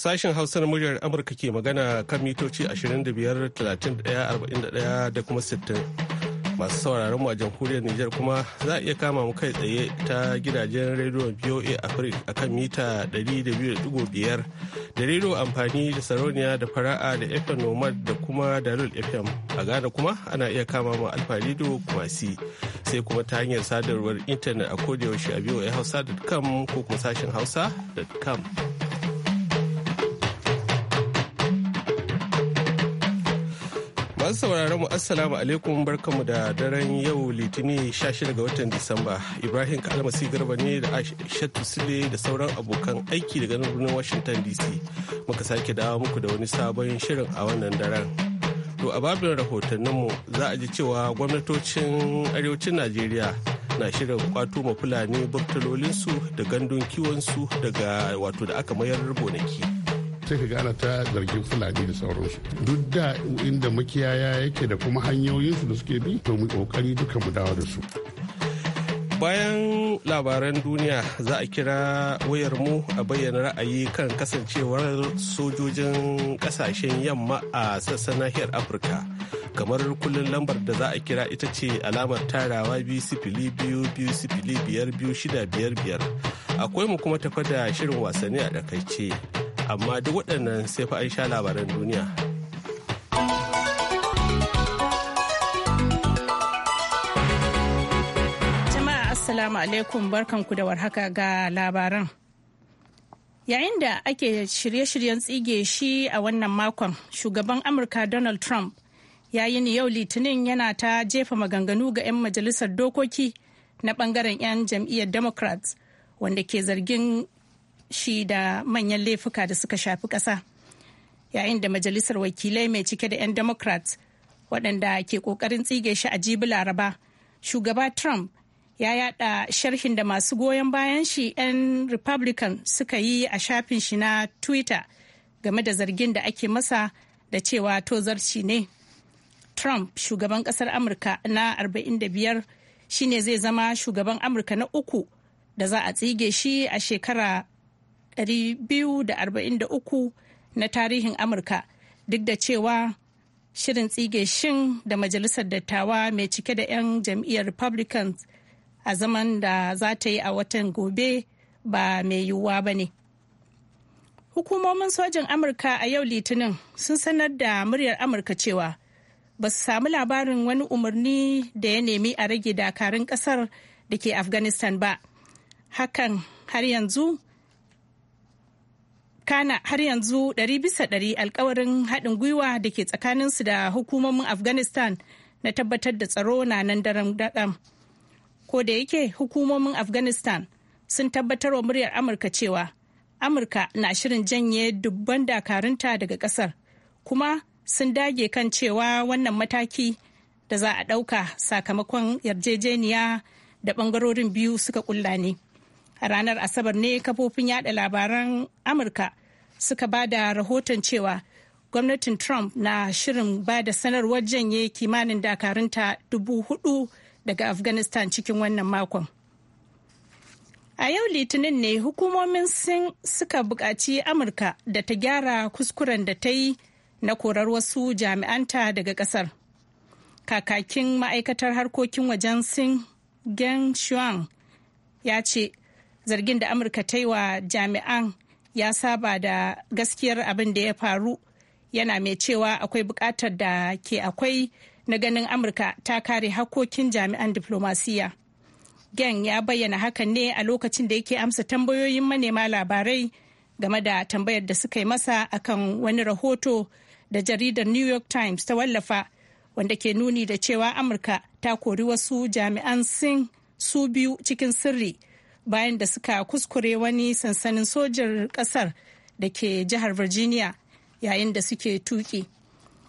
Sashen na muryar Amurka ke magana kan mitoci 25, 31, da kuma 60. Masu sauraron a jamhuriyar Nijar kuma za a iya kama mu kai tsaye ta gidajen rediyon VOA Africa a kan mita 200.5 da rediyo amfani da Saroniya da fara'a da FM Nomad da kuma Dalol FM. A Ghana kuma ana iya kama mu Alfa Radio Kumasi sai kuma ta hanyar sadarwar intanet a kodayaushe a Hausa.com ko kuma sashen hausa.com. Masu sauraron mu assalamu alaikum barkamu da daren yau litinin 16 ga watan Disamba. Ibrahim Kalmasi Garba ne da Aishatu Sule da sauran abokan aiki daga nan birnin Washington DC. Muka sake dawo muku da wani sabon shirin a wannan daren. To a babin rahotanninmu za a ji cewa gwamnatocin arewacin Najeriya na shirin kwato ma Fulani burtalolinsu da gandun kiwonsu daga wato da aka mayar gonaki. sai ka gane ta zargin fulani da sauransu duk da inda makiyaya yake da kuma hanyoyinsu da suke bi to mu kokari duka mu dawo da su bayan labaran duniya za a kira wayar mu a bayyana ra'ayi kan kasancewar sojojin kasashen yamma a sassan nahiyar afirka kamar kullum lambar da za a kira ita ce alamar tarawa biyu sifili biyu biyu sifili biyar biyu shida biyar biyar akwai mu kuma tafa da shirin wasanni a dakaice amma duk waɗannan sai fa an sha labaran duniya. Jama'a Assalamu alaikum barkanku da warhaka ga labaran. Yayin da ake shirye-shiryen tsige shi a wannan makon, shugaban Amurka Donald Trump ya yi yau litinin yana ta jefa maganganu ga 'yan majalisar dokoki na bangaren 'yan jam'iyyar democrats wanda ke zargin shi da manyan laifuka da suka shafi ƙasa yayin da majalisar wakilai mai cike da 'yan democrats waɗanda ke ƙoƙarin tsige shi a jibi laraba shugaba trump ya yada sharhin da masu goyon bayan shi 'yan republican suka yi a shafin shi na twitter game da zargin da ake masa da cewa tozarci ne trump shugaban ƙasar amurka na 45 shine zai zama shugaban amurka na uku da za a tsige shi a shekara 243 na tarihin amurka duk da cewa shirin tsige shin da majalisar dattawa mai cike da 'yan jam'iyyar republicans a zaman da za ta yi a watan gobe ba mai yiwuwa ba ne hukumomin sojin amurka a yau litinin sun sanar da muryar amurka cewa ba su samu labarin wani umarni da ya nemi a rage dakarun kasar da ke afghanistan ba hakan har yanzu kana har yanzu ɗari bisa ɗari alkawarin haɗin gwiwa da ke tsakaninsu da hukumomin afghanistan na tabbatar da tsaro na nan daren daɗam ko da yake hukumomin afghanistan sun tabbatar wa muryar amurka cewa amurka na shirin janye dubban dakarunta daga ƙasar kuma sun dage kan cewa wannan mataki da za a ɗauka sakamakon yarjejeniya da ɓangarorin biyu suka ƙulla ne. a ranar asabar ne kafofin yada labaran amurka suka ba da rahoton cewa gwamnatin trump na shirin ba da sanarwar janye kimanin dakarunta dubu hudu daga afghanistan cikin wannan makon a yau litinin ne hukumomin sin suka buƙaci amurka da ta gyara kuskuren da ta yi na korar wasu jami'anta daga ƙasar kakakin ma'aikatar harkokin wajen sin geng shuang ya ce zargin da amurka ta yi wa jami'an ya saba da gaskiyar abin da ya faru yana mai cewa akwai bukatar da ke akwai na ganin amurka ta kare hakkokin jami'an diflomasiyya gen ya bayyana hakan ne a lokacin da yake amsa tambayoyin manema labarai game da tambayar da suka yi masa akan wani rahoto da jaridar new york times ta wallafa wanda ke nuni da cewa amurka ta kori wasu jami'an sin su biyu cikin sirri bayan da suka kuskure wani sansanin sojin kasar da ke jihar virginia yayin da suke tuki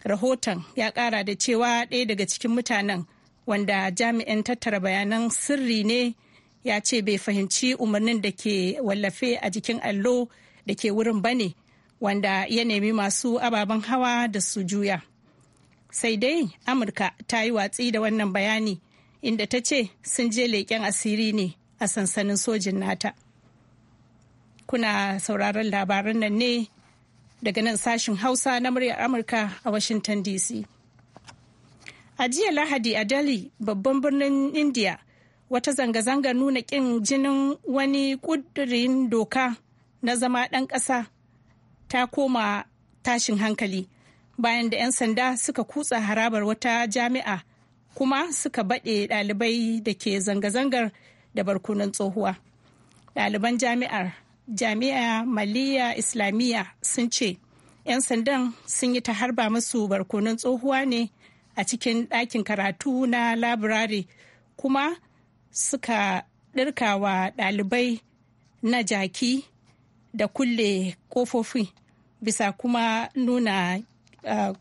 rahoton ya kara da cewa ɗaya daga cikin mutanen wanda jami'in tattara bayanan sirri ne ya ce bai fahimci umarnin da ke wallafe a jikin allo da ke wurin bane wanda ya nemi masu ababen hawa da su juya sai dai amurka ta yi watsi da wannan bayani inda ta ce sun je leƙen asiri ne a sansanin sojin nata kuna sauraron labaran nan ne daga nan sashin hausa na muryar amurka a washington dc a jiya lahadi a delhi babban birnin india wata zanga-zangar nuna ƙin jinin wani ƙudurin doka na zama ɗan ƙasa ta koma tashin hankali bayan da 'yan sanda suka kutsa harabar wata jami'a kuma suka baɗe ɗalibai da ke zanga-zangar da barkunan tsohuwa ɗaliban jami'ar jami'a maliya islamiyya sun ce 'yan sandan sun yi ta harba masu barkunan tsohuwa ne a cikin ɗakin karatu na labirare kuma suka wa ɗalibai na jaki da kulle ƙofofi bisa kuma nuna eh,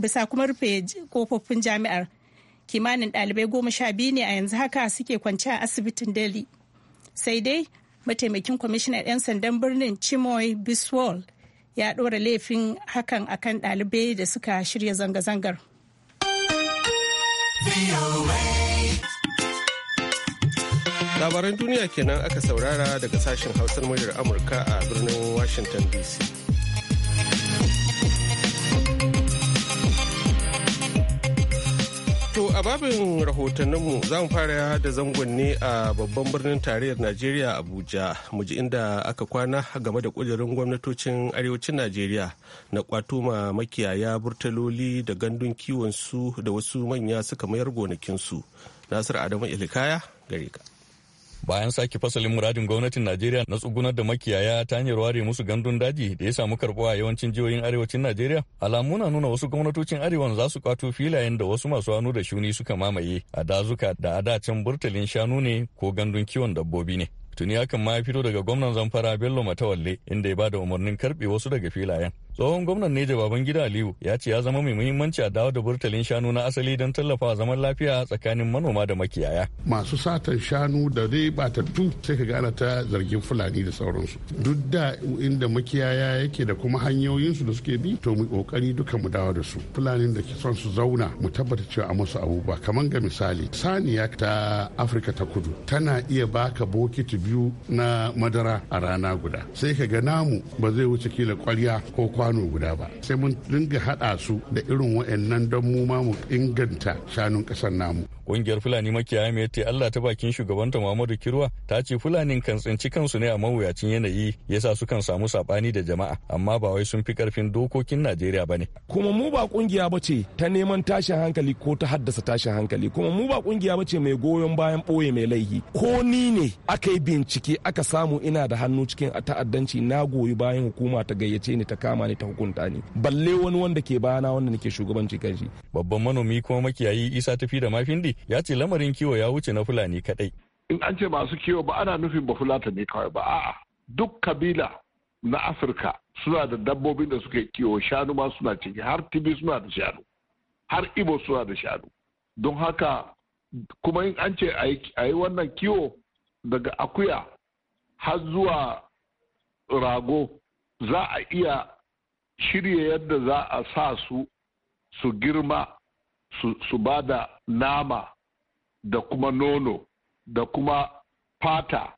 bisa kuma rufe ƙofofin jami'ar kimanin ɗalibai goma sha biyu ne a yanzu haka suke kwance a asibitin delhi sai dai mataimakin kwamishinan 'yan sandan birnin chimoy biswal ya ɗora laifin hakan akan ɗalibai da suka shirya zanga-zangar labaran duniya kenan aka saurara daga sashen hausar muryar amurka a birnin washington dc To a babin rahotanninmu za mu fara da zangon ne a babban birnin tarayyar Najeriya Abuja mu ji inda aka kwana game da kudirin gwamnatocin arewacin Najeriya na kwato ma makiyaya burtaloli da gandun kiwon su da wasu manya suka mayar gonakinsu. Nasir Adamu Ilikaya gare ka. bayan sake fasalin muradin gwamnatin Najeriya na tsugunar da makiyaya ta hanyar ware musu gandun daji da ya samu karbuwa yawancin jihohin arewacin Najeriya alamu na nuna wasu gwamnatocin arewan za su kwato filayen da wasu masu hannu da shuni suka mamaye a dazuka da a dacen burtalin shanu ne ko gandun kiwon dabbobi ne. Tuni hakan ma ya fito daga gwamnan Zamfara Bello Matawalle inda ya bada umarnin karbe wasu daga filayen. tsohon gwamnan neja gida aliyu ya ce ya zama mai muhimmanci a dawo da burtalin shanu na asali don tallafawa zaman lafiya tsakanin manoma da makiyaya masu satan shanu da dai batattu sai ka gana ta zargin fulani da sauransu duk da inda makiyaya yake da kuma hanyoyinsu da suke bi to mu kokari duka mu dawo da su fulanin da ke son su zauna mu tabbata cewa a musu abubuwa kamar ga misali saniya ta afirka ta kudu tana iya baka bokiti biyu na madara a rana guda sai ka ga namu ba zai wuce kila kwarya ko kwa kwano guda ba sai mun dinga haɗa su da irin wa'annan don mu ma mu inganta shanun kasar namu ƙungiyar fulani makiyaya mai ta Allah ta bakin shugabanta Muhammadu Kirwa ta ce fulani kan tsinci kansu ne a mawuyacin yanayi yasa kan samu sabani da jama'a amma ba wai sun fi karfin dokokin Najeriya ne. kuma mu ba kungiya bace ta neman tashin hankali ko ta haddasa tashin hankali kuma mu ba kungiya bace mai goyon bayan boye mai laihi ko ni ne aka yi bincike aka samu ina da hannu cikin ta'addanci na goyi bayan hukuma ta gayyace ni ta kama ni ta hukunta ni balle wani wanda ke bayana wanda nake shugabanci kan shi babban manomi kuma makiyayi isa tafi da mafindi ya ce lamarin kiwo ya wuce na fulani kadai in an ce masu kiwo ba ana nufin ba fulata ne kawai ba a'a duk kabila na afirka suna da dabbobin da suke kiwo shanu ma suna ciki har tibi suna da shanu har ibo suna da shanu don haka kuma in an ce a yi wannan kiwo daga akuya har zuwa rago za a iya shirya yadda za a sa su su girma su ba da nama da kuma nono da kuma fata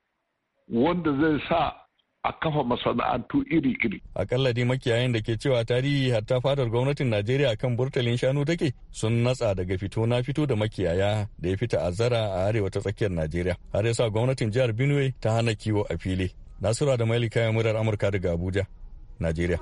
wanda zai sa a kafa masana'antu iri-iri. Akalla dai makiyayin da ke cewa tarihi hatta fadar gwamnatin Najeriya kan burtalin shanu take sun natsa daga fito na fito da makiyaya da ya fita azara a arewa ta tsakiyar Najeriya. Har yasa gwamnatin jihar Benue ta hana kiwo a fili. Nasura da Mailika ya murar Amurka daga Abuja. najeriya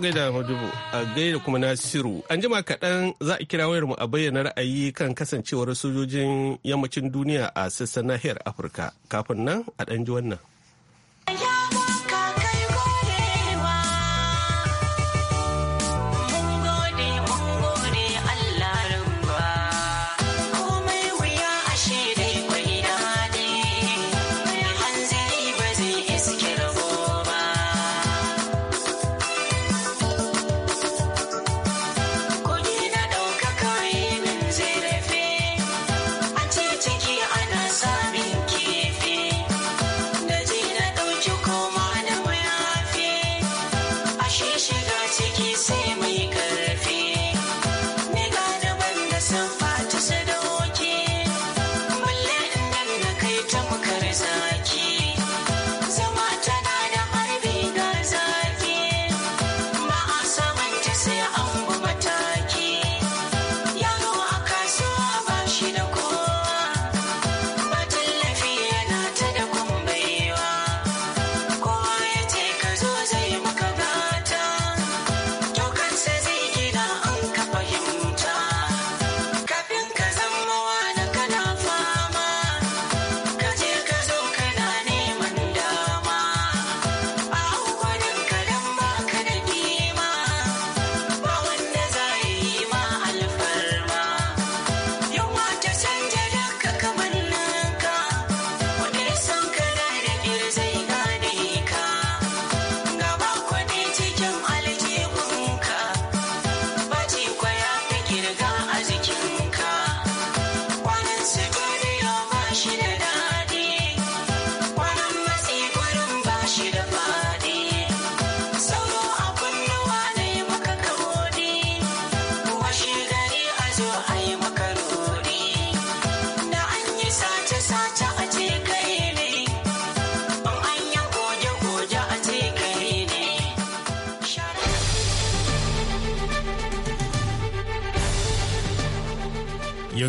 gaida Madubu a gaida kuma Nasiru. An jima kaɗan za a kira wayarmu a bayyana ra'ayi kan kasancewar sojojin yammacin duniya a sassan nahiyar Afirka. Kafin nan a ɗan ji wannan.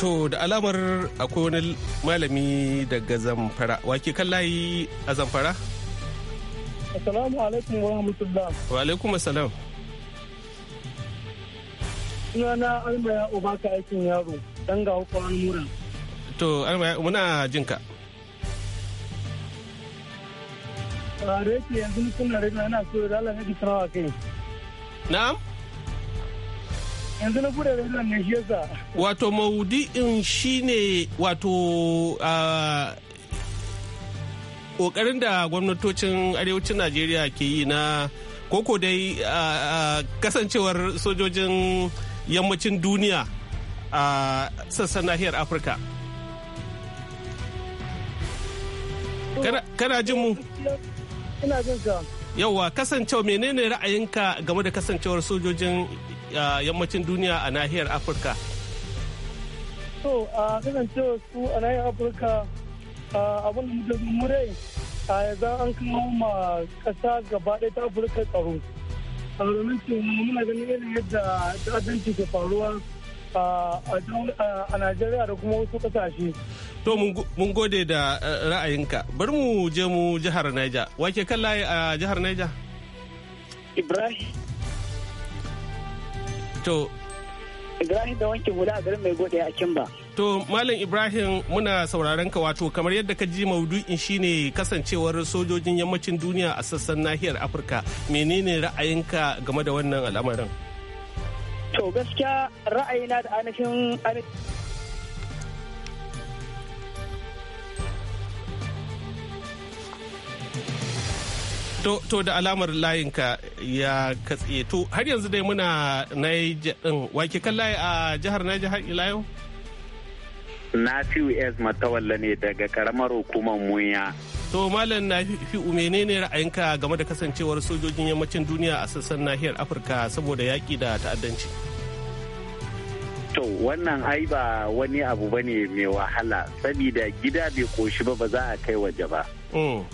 To da alamar akwai wani malami daga zamfara. Wake kan layi a zamfara? Assalamu alaikum wa rahmatullah. Wa alaikum assalam. Sunana Almaya ka aikin yaro, dan ga hukumar mura. To Almaya muna jinka. Rake yanzu kuna rage ana so da Allah ne ki sanawa kai. Na'am? yanzu na bude rediyon ne shi yasa wato maudu'in shine wato kokarin da gwamnatocin arewacin najeriya ke yi na koko dai kasancewar sojojin yammacin duniya a sassan nahiyar afirka kana jin mu ina jin ka Yauwa kasancewa menene ra'ayinka game da kasancewar sojojin yammacin duniya a nahiyar Afirka? So a kasancewa su a nahiyar Afirka abin da muke murai a yanzu an kama ma ƙasa gaba ɗaya ta Afirka tsaro. A domin muna ganin irin yadda ta'addanci ke faruwa a Najeriya da kuma wasu kasashe. To mun gode da eh, ra'ayinka. Bari mu je mu jihar Niger. Wake kan layi a jihar Niger? Ibrahim. To. Ibrahim da wanke hula a garin mai gode a Kimba. To Malam Ibrahim muna sauraron ka wato kamar yadda ka ji maudu'in shine kasancewar sojojin yammacin duniya a sassan nahiyar Afirka. Menene ra'ayinka game da wannan al'amarin? To gaskiya ra'ayina da ainihin To, to da alamar layinka ya katse to har yanzu dai muna Niger din wake kan layi a jihar Niger har ilayo? yau? S Matawalla ne daga karamar hukumar Munya To Malam na fi menene ra'ayinka game da kasancewar sojojin yammacin duniya a sassan nahiyar Afirka saboda yaƙi da ta'addanci? To wannan ai ba wani abu ba ne mai wahala saboda gida bai koshi ba ba za a kai waje ba. Mm.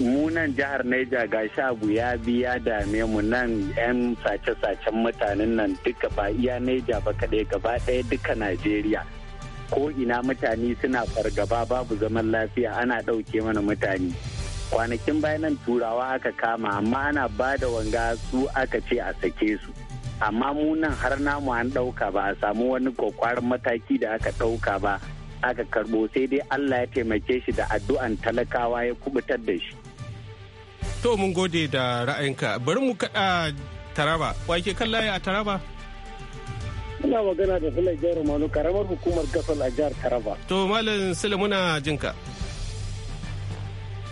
Munan jihar Neja ga sha abu ya bi ya dame mu nan 'yan sace-sacen mutanen nan duka ba iya Neja ba kaɗai gaba ɗaya duka Najeriya. ko ina mutane suna fargaba babu zaman lafiya ana ɗauke mana mutane kwanakin bayanan turawa aka kama amma ana ba da wanga su aka ce a sake su amma mu har namu an ɗauka ba a samu wani kwakwaran mataki da aka ɗauka ba aka karɓo sai dai allah ya taimake shi da addu'an talakawa ya kubutar da shi to mun gode da ra'ayinka bari mu kaɗa taraba wake kan layi a taraba Ina magana da Sule Jairo Manu karamar hukumar gasar a jihar Taraba. To Malam Sule muna jinka.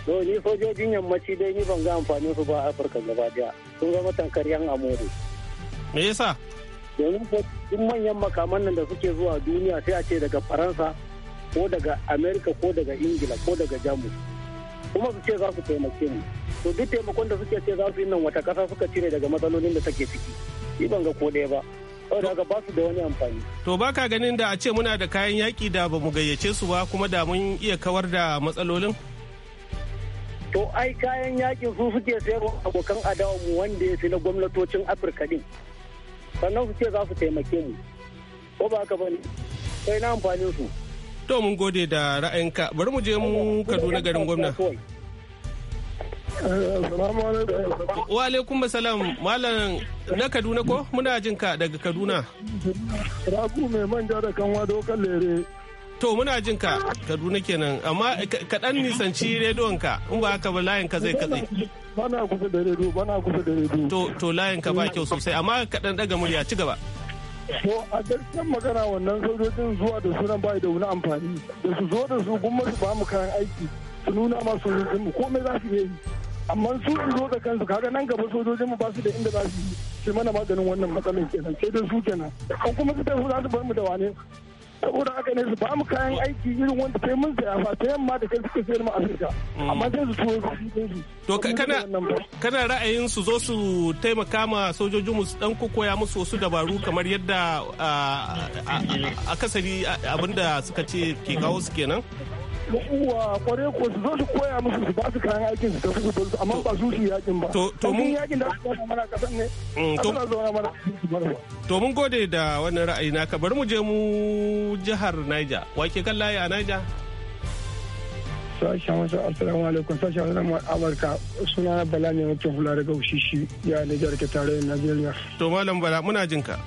To ni sojojin yammaci dai ni ban ga amfanin su ba a Afirka gaba daya. Sun zama tankar yan amore. Me yasa? Domin duk manyan makaman nan da suke zuwa duniya sai a ce daga Faransa ko daga Amerika ko daga Ingila ko daga Jamus. Kuma su ce za su taimake mu. to duk taimakon da suke ce za su yi nan wata kasa suka cire daga matsalolin da take ciki ni ban ga ko ɗaya ba To ba ka ganin da a ce muna da kayan yaƙi da ba mu gayyace su ba kuma da mun iya kawar da matsalolin? To ai kayan yaƙin su suke sayarwa abokan adawa mu wanda ya na gwamnatocin Afirka din. Sannan su ce za su taimake mu. Ko ba ka bane? Sai na amfanin su. To mun gode da ra'ayinka bari mu je mu Kaduna garin gwamna. Wa alaikum salam malam na Kaduna ko muna jin ka daga Kaduna. Ragu mai manja da kanwa dokan lere. To muna jin ka Kaduna kenan amma kaɗan nisanci rediyon ka in ba haka ba layin ka zai katse. Bana kusa da rediyo bana kusa da rediyo. To to layin ka ba kyau sosai amma kaɗan daga murya ci gaba. To a gaskiyar magana wannan sojojin zuwa da sunan bai da wani amfani da su zo da su gumma su ba mu kayan aiki su nuna masu mu komai za su yi. amma su in zo da kansu kaga nan gaba sojojinmu ba su da inda za su yi mana maganin wannan matsalar kenan sai dai su kenan an kuma su tafi za su bar mu da wane saboda haka ne su ba mu kayan aiki irin wanda sai mun saya fa ta yamma da kai suka sayar mu Afirka mm. amma sai su tuwo su to kana kana ra'ayin su zo su taimaka ma sojojin mu dan kokoya musu wasu dabaru kamar yadda akasari abinda suka ce ke kawo su kenan uwa kware ko su zo su koya musu su ba su kayan aikin su tafi su amma ba su su yakin ba to mun yakin da aka zama mana kasan ne mm, aka zama mana to mun gode da wannan ra'ayi naka bari mu je mu jihar Niger wake kan layi a Niger sashen wasu assalamu alaikum sashen wasu amurka suna bala ne mutum hula daga ushishi ya nijar ke tarayyar najeriya to malam bala muna jinka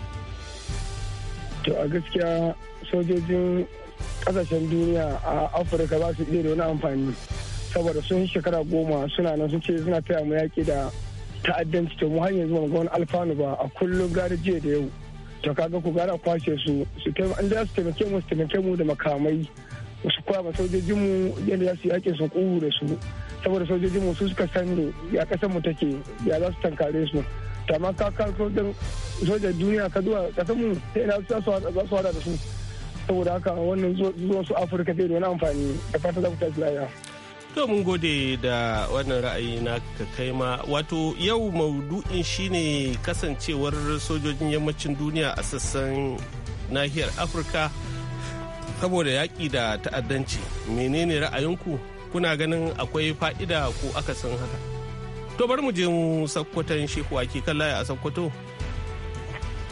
to a gaskiya sojojin kasashen duniya a afirka za su iya da wani amfani saboda sun shekara goma suna nan sun ce suna taya mu yaƙi da ta'addanci to mu har yanzu ga wani alfanu ba a kullum gari jiya da yau to kaga ku gara kwashe su su an da su taimake mu su taimake mu da makamai su kwa ma sojojin mu yadda za su yaƙi su kuhu da su saboda sojojin mu su suka san ya kasar mu take ya za su tankare su to amma ka sojan duniya ka zuwa kasar mu sai ina za su hada da su saboda haka wannan zuwan su afirka bai da wani amfani da fata za ku tafi lafiya To mun gode da wannan ra'ayi na ka kai ma wato yau maudu'in shine kasancewar sojojin yammacin duniya a sassan nahiyar Afirka saboda yaƙi da ta'addanci menene ra'ayinku kuna ganin akwai fa'ida ko akasin haka. To bari mu je mu sakkwaton shehu ake kan laya a sakkwato.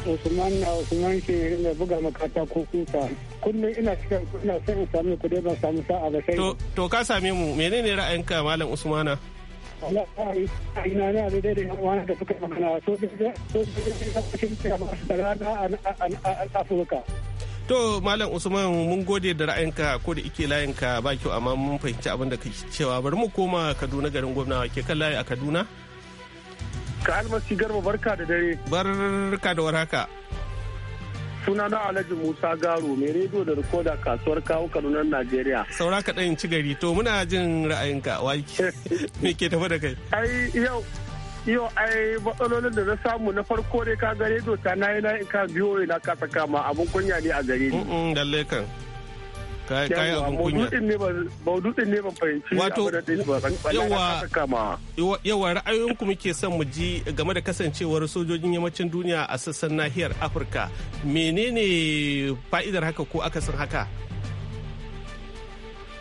usman na usman shi da buga makata ko kusa kullum ina ina son in samu kuɗi ban samu sa'a ba sai to ka same mu menene ra'ayinka malam usmana ina ne da da suka da ke da rana a To Malam Usman mun gode da ra'ayinka ko da ike layinka ba kyau amma mun fahimci abin da kake cewa bari mu koma Kaduna garin gwamna ke kan layi a Kaduna. Ka almasi garba barka da dare. Barka da warhaka. Suna na Alhaji Musa Garo mai rediyo da rikoda kasuwar kawo kanunan Najeriya. Saura ka ci gari to muna jin ra'ayinka waki me ke tafi da kai. Ai yau yau ai matsalolin da na samu na farko dai ka ga rediyo ta na yi na ka biyo na kasa kama abin kunya ne a gare ni. Lalle kan. kai kai kunya maududin ne ban fahimci wato yawa yawa ra'ayoyinku muke son mu ji game da kasancewar sojojin yammacin duniya a sassan nahiyar Afirka menene fa'idar haka ko akasin haka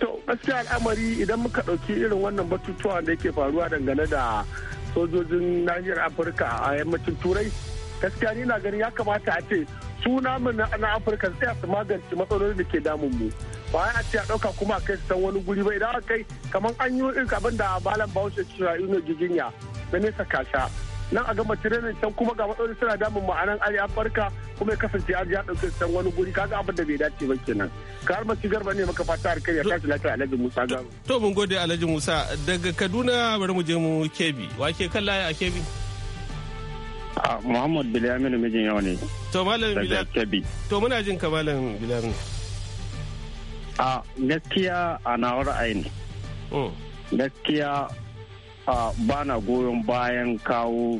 to gaskiya al'amari idan muka ɗauki irin wannan batutuwa da yake faruwa dangane da sojojin nahiyar afirka a yammacin turai gaskiya ni na ganin ya kamata a ce suna mu na afirka sai su magance matsalolin da ke damun mu ba a ce a ɗauka kuma a kai su san wani guri ba da aka kai kamar an yi irin abin da malam bahaushe cewa ino giginya na nesa kasa nan a gama tirenin can kuma ga matsaloli suna damun mu a yi ari afirka kuma ya kasance an ya ɗauke san wani guri kaga abin da bai dace ba kenan ka har mace garba ne maka fata har kai ya tashi lafiya alhaji musa garo. to mun gode alhaji musa daga kaduna bari mu je mu kebi wake kan laye a kebi. Muhammad Bilamin mijin yau ne. To Malam Bilamin. To muna jin ka Malam Bilamin. a gaskiya a nawa ra'ayin oh. gaskiya ba na goyon bayan kawo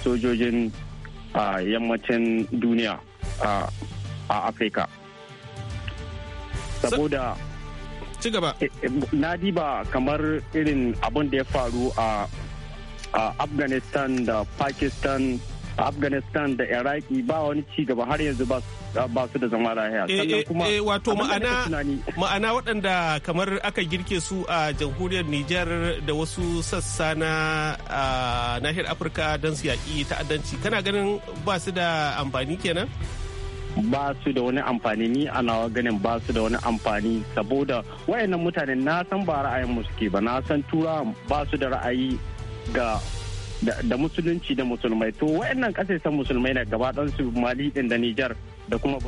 sojojin yammacin duniya a afirka saboda eh, eh, na diba kamar irin abin da ya faru a afghanistan da pakistan afghanistan da iraki ba wani ci gaba har yanzu ba su da zama lahiya eh, sannan eh, kuma eh, wato ma'ana ma'ana waɗanda kamar aka girke su a jamhuriyar niger da wasu sassa na nahiyar afirka don su yaƙi ta'addanci kana ganin ba su da amfani kenan ba su da wani amfani ni a nawa ganin ba su da wani amfani saboda wayannan mutane na san ba ra'ayin musu ke ba na san tura ba su da ra'ayi ga da musulunci da musulmai to wa'annan kasashen musulmai na gaba su mali din da nijar da kuma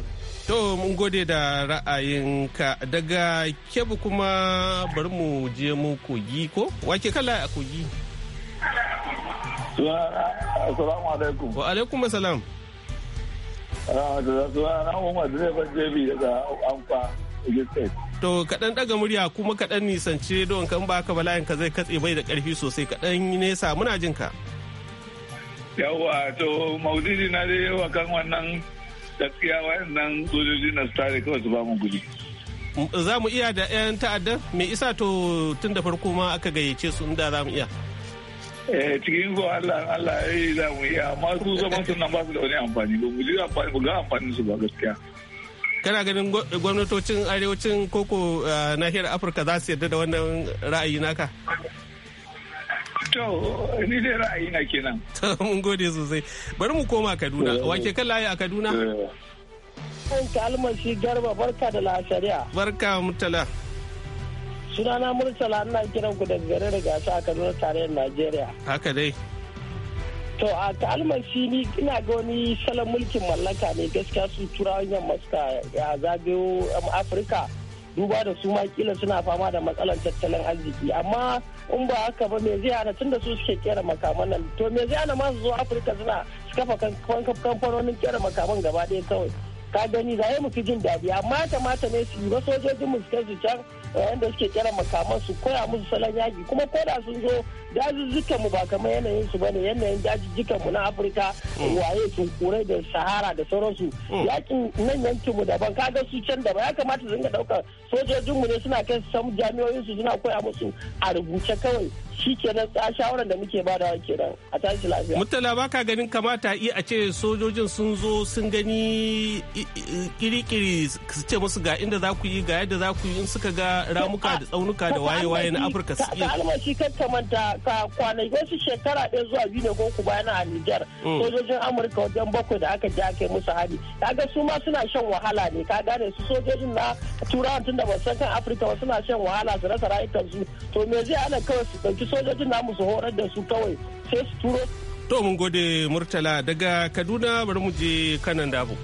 to mun gode da ra'ayinka daga kebu kuma bari mu je mu kogi ko wake kala a kogi Assalamu alaikum. Wa alaikum assalam. zuwa ah, na Umar Direban Jebi daga Amfa, Ugis State. To kaɗan ɗaga murya kuma kaɗan nisance don kan ba ka bala'in ka zai katse bai da ƙarfi sosai kaɗan nesa muna jin ka. yawa to maudidi na dai yawa kan wannan gaskiya wayannan sojoji na tare kawai su ba mu guri. Za mu iya da 'yan ta'adda me isa to tun da farko ma aka gayyace su inda za mu iya. Eh cikin ko Allah Allah ya yi za mu iya amma su zaman sun nan ba su da wani amfani ba mu ji amfani ga amfanin su ba gaskiya. kana ganin gwamnatocin arewacin koko eh, nahiyar afirka za su yarda da wannan ra'ayi naka Tau ni dai ra'ayi na kenan mun gode sosai bari mu koma kaduna eh. wake kan layi a kaduna eh. kanka almashi garba barka da lasariya barka mutala sunana murtala ina kiran ku daga garin gasa a kaduna tarayyar najeriya haka dai to a shi ni ina ga wani salon mulkin mallaka ne gaskiya su turawan yamma suka ya zagayo um, afirka duba da su ma kila suna fama da matsalar tattalin arziki amma in ba haka ba me zai hana tunda su suke kera makaman nan to me zai hana ma su zo afirka suna su kafa kamfanonin kera makaman gaba ɗaya kawai ka gani za mu fi jin daɗi amma kamata ne su yi ba sojojin mu su can eh, suke kera makaman su koya musu salon yaƙi kuma ko da sun zo dajujjukan mu ba kamar yanayin su bane yanayin dajujjukan mu na Afirka mm. waye tunkurai da Sahara da sauransu mm. yakin nan yankin mu daban ga su can daban ya kamata su dinga ɗaukar sojojin mu ne suna kai su samu jami'o'in su suna koya musu a rubuce kawai shi kenan a shawarar da muke ba da kenan a tashi lafiya. Mutala ba ka ganin kamata iya a ce sojojin sun zo sun gani kirikiri su ce musu ga inda za ku yi ga yadda za ku yi in suka ga ramuka da tsaunuka da waye-waye na Afirka su iya. Ka almashi kan ta manta ka kwanaki wasu shekara ɗaya zuwa biyu ne goku bayan a Nijar mm. sojojin Amurka wajen bakwai da aka je kai yi musu hari. Kaga su ma suna shan wahala ne ka gane su sojojin na turawan tun da ba san kan Afirka ba suna shan wahala su rasa rayukansu to me zai ana kawai su ɗauki sojojin namu su horar da su kawai sai su turo to mun gode murtala daga kaduna bari mu je kanan dabo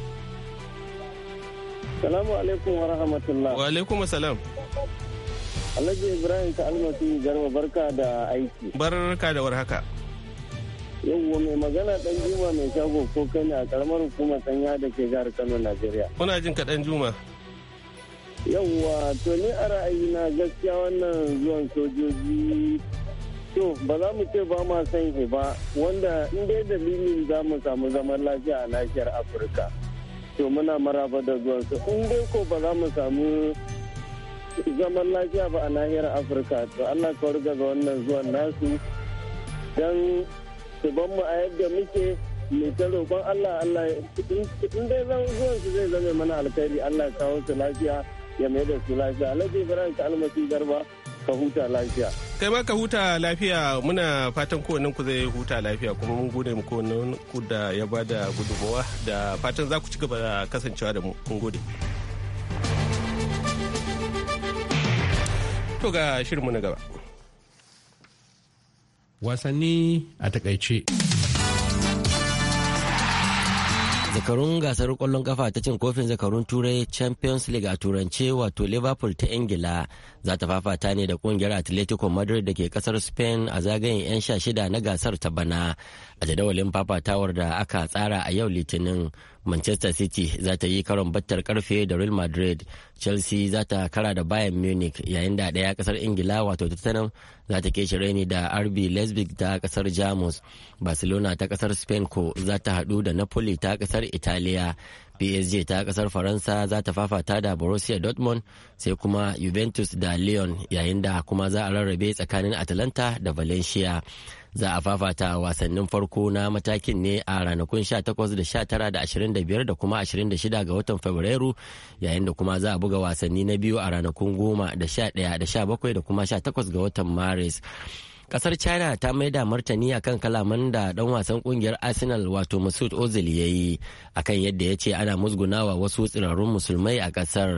salamu alaikum wa rahmatullah wa alaikum salam alhaji ibrahim ta almasi garba barka da aiki barka da warhaka yawwa mai magana dan juma mai shago ko kai a karamar hukumar sanya da ke jihar kano najeriya kuna jin kaɗan juma Yauwa to ni a na gaskiya wannan zuwan sojoji to ba za mu ce ba ma san shi ba wanda in dai dalilin za mu samu zaman lafiya a nahiyar afirka to muna maraba da su. in dai ko ba za mu samu zaman lafiya ba a nahiyar afirka to allah ka warga ga wannan zuwan nasu don su ban mu a yadda muke mai ta roƙon allah allah in dai zan zuwan su zai zame mana alkhairi allah kawo su lafiya ya mai da su lafiya alhaji ibrahim ka almasi garba ka kai ma ka huta lafiya muna fatan kowannen ku zai huta lafiya kuma mun gode muku wannan ku da ya ba da gudunmawa da fatan za ku ci gaba da kasancewa da mu mun gode to ga shirinmu na gaba wasanni a takaice zakarun gasar kwallon kafa ta cin kofin zakarun turai champions league a turance wato liverpool ta ingila za ta fafata ne da kungiyar atletico madrid da ke kasar spain a zagayen 'yan sha shida na gasar ta bana a jadawalin fafatawar da aka tsara a yau litinin manchester city za ta yi karon battar karfe da real madrid chelsea za ta kara da bayern munich yayin da ɗaya kasar ingila wato tottenham za ta keshe raini da rb leipzig ta kasar jamus barcelona ta kasar spain ko za ta haɗu da napoli ta kasar italiya psg ta kasar faransa za ta fafata da borussia dortmund sai kuma juventus da lyon yayin da kuma za a rarrabe tsakanin atalanta da valencia za a fafata wasannin farko na matakin ne a ranakun 18 da 19 da 25 da kuma 26 ga watan fabrairu yayin da kuma za a buga wasanni na biyu a ranakun 10 da 11 da 17 da kuma 18 ga watan maris kasar china ta maida martani akan kalaman da dan wasan kungiyar arsenal wato masud ozil ya yi akan yadda ya ce ana musgunawa wasu tsirarun musulmai a kasar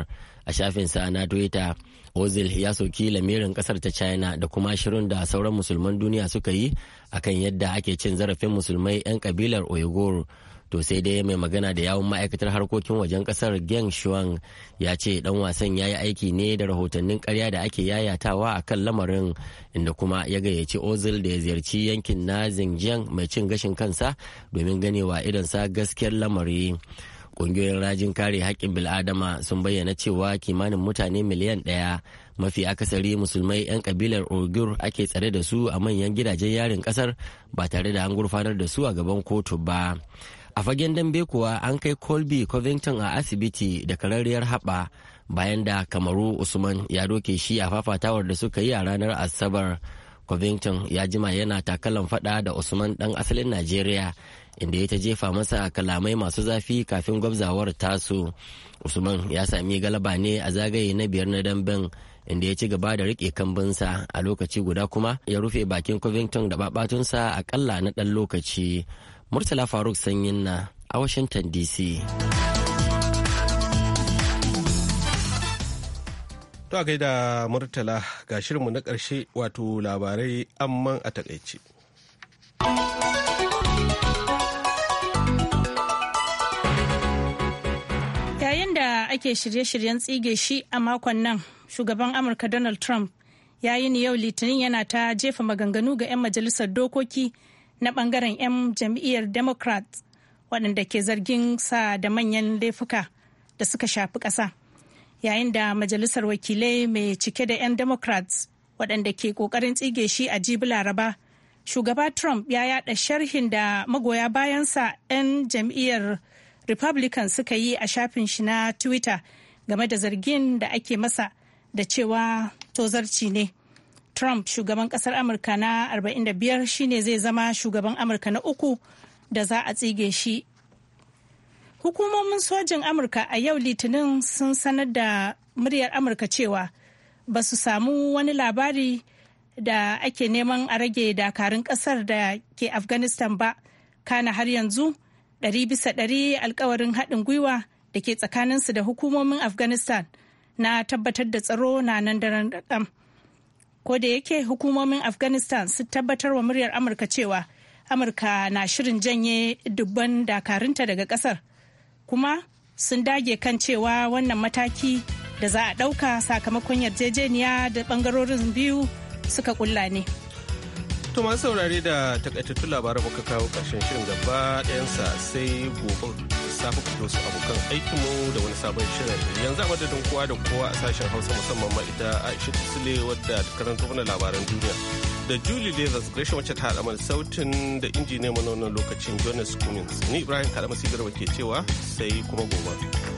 a shafinsa na twitter ozil ya soki lamirin kasar ta china da kuma shirin da sauran musulman duniya suka yi akan yadda ake cin zarafin musulmai 'yan kabilar uyghur to sai dai mai magana da yawun ma'aikatar harkokin wajen kasar geng shuang ya ce dan wasan ya yi aiki ne da rahotannin karya da ake yayatawa a kan lamarin inda kuma ya gayyaci ozil da ya ziyarci yankin na xinjiang mai cin gashin kansa domin ganewa sa gaskiyar lamari Ƙungiyoyin rajin kare haƙƙin bil'adama sun bayyana cewa kimanin mutane miliyan ɗaya mafi akasari musulmai 'yan kabilar ogur ake tsare da su a manyan gidajen yarin ƙasar ba tare da an gurfanar da su a gaban kotu ba. A fagen dambe kuwa an kai Colby Covington a asibiti da kararriyar haɓa bayan da Kamaru Usman ya doke shi a fafatawar da suka yi a ranar Asabar. covington ya jima yana takalan fada da usman dan asalin najeriya inda ya ta jefa masa kalamai masu zafi kafin gwabzawar tasu usman ya sami galaba ne a zagaye na biyar na damben inda ya ci gaba da rike kambinsa a lokaci guda kuma ya rufe bakin covington da babatunsa akalla na ɗan lokaci murtala faruk sanyin na a washington dc To a da Murtala ga shirinmu na ƙarshe wato labarai amman a takaice. Yayin da ake shirye-shiryen tsige shi a makon nan, shugaban Amurka Donald Trump ya yi ni yau litinin yana ta jefa maganganu ga 'yan majalisar dokoki na bangaren 'yan jam'iyyar democrats waɗanda ke zargin sa da manyan laifuka da suka shafi ƙasa. yayin da majalisar wakilai mai cike da 'yan democrats waɗanda ke ƙoƙarin tsige shi a jibi laraba shugaba trump ya yada sharhin da magoya bayansa 'yan jam'iyyar republican suka yi a shafin shi na twitter game da zargin da ake masa da cewa tozarci ne trump shugaban ƙasar amurka na 45 shine zai zama shugaban amurka na uku da za a tsige shi Hukumomin sojin Amurka a yau Litinin sun sanar da muryar Amurka cewa ba su samu wani labari da ake neman a rage dakarun kasar da ke Afghanistan ba, kana har yanzu ɗari bisa ɗari alkawarin haɗin gwiwa da ke tsakaninsu da hukumomin Afghanistan na tabbatar da tsaro na nan daren ɗan. Ko da yake hukumomin Afghanistan su tabbatar wa muryar Amurka cewa Amurka na shirin janye dubban dakarunta daga ƙasar. kuma sun dage kan cewa wannan mataki da za a ɗauka sakamakon yarjejeniya da bangarorin biyu suka kulla ne. Tuma saurari saurare da takaitattun labaran muka kawo ƙarshen shirin gaba ɗayansa sai gobe safa ku su abokan aikinmu da wani sabon shirin yanzu a madadin kowa da kowa a sashen hausa musamman ma ita a sule wadda ta karanta labaran duniya da Julie Leathers gresha wacce ta haɗa sautin da injiniya mana lokacin Jonas Cummins. Ni Ibrahim Kalamasi Garba ke cewa sai kuma gobe.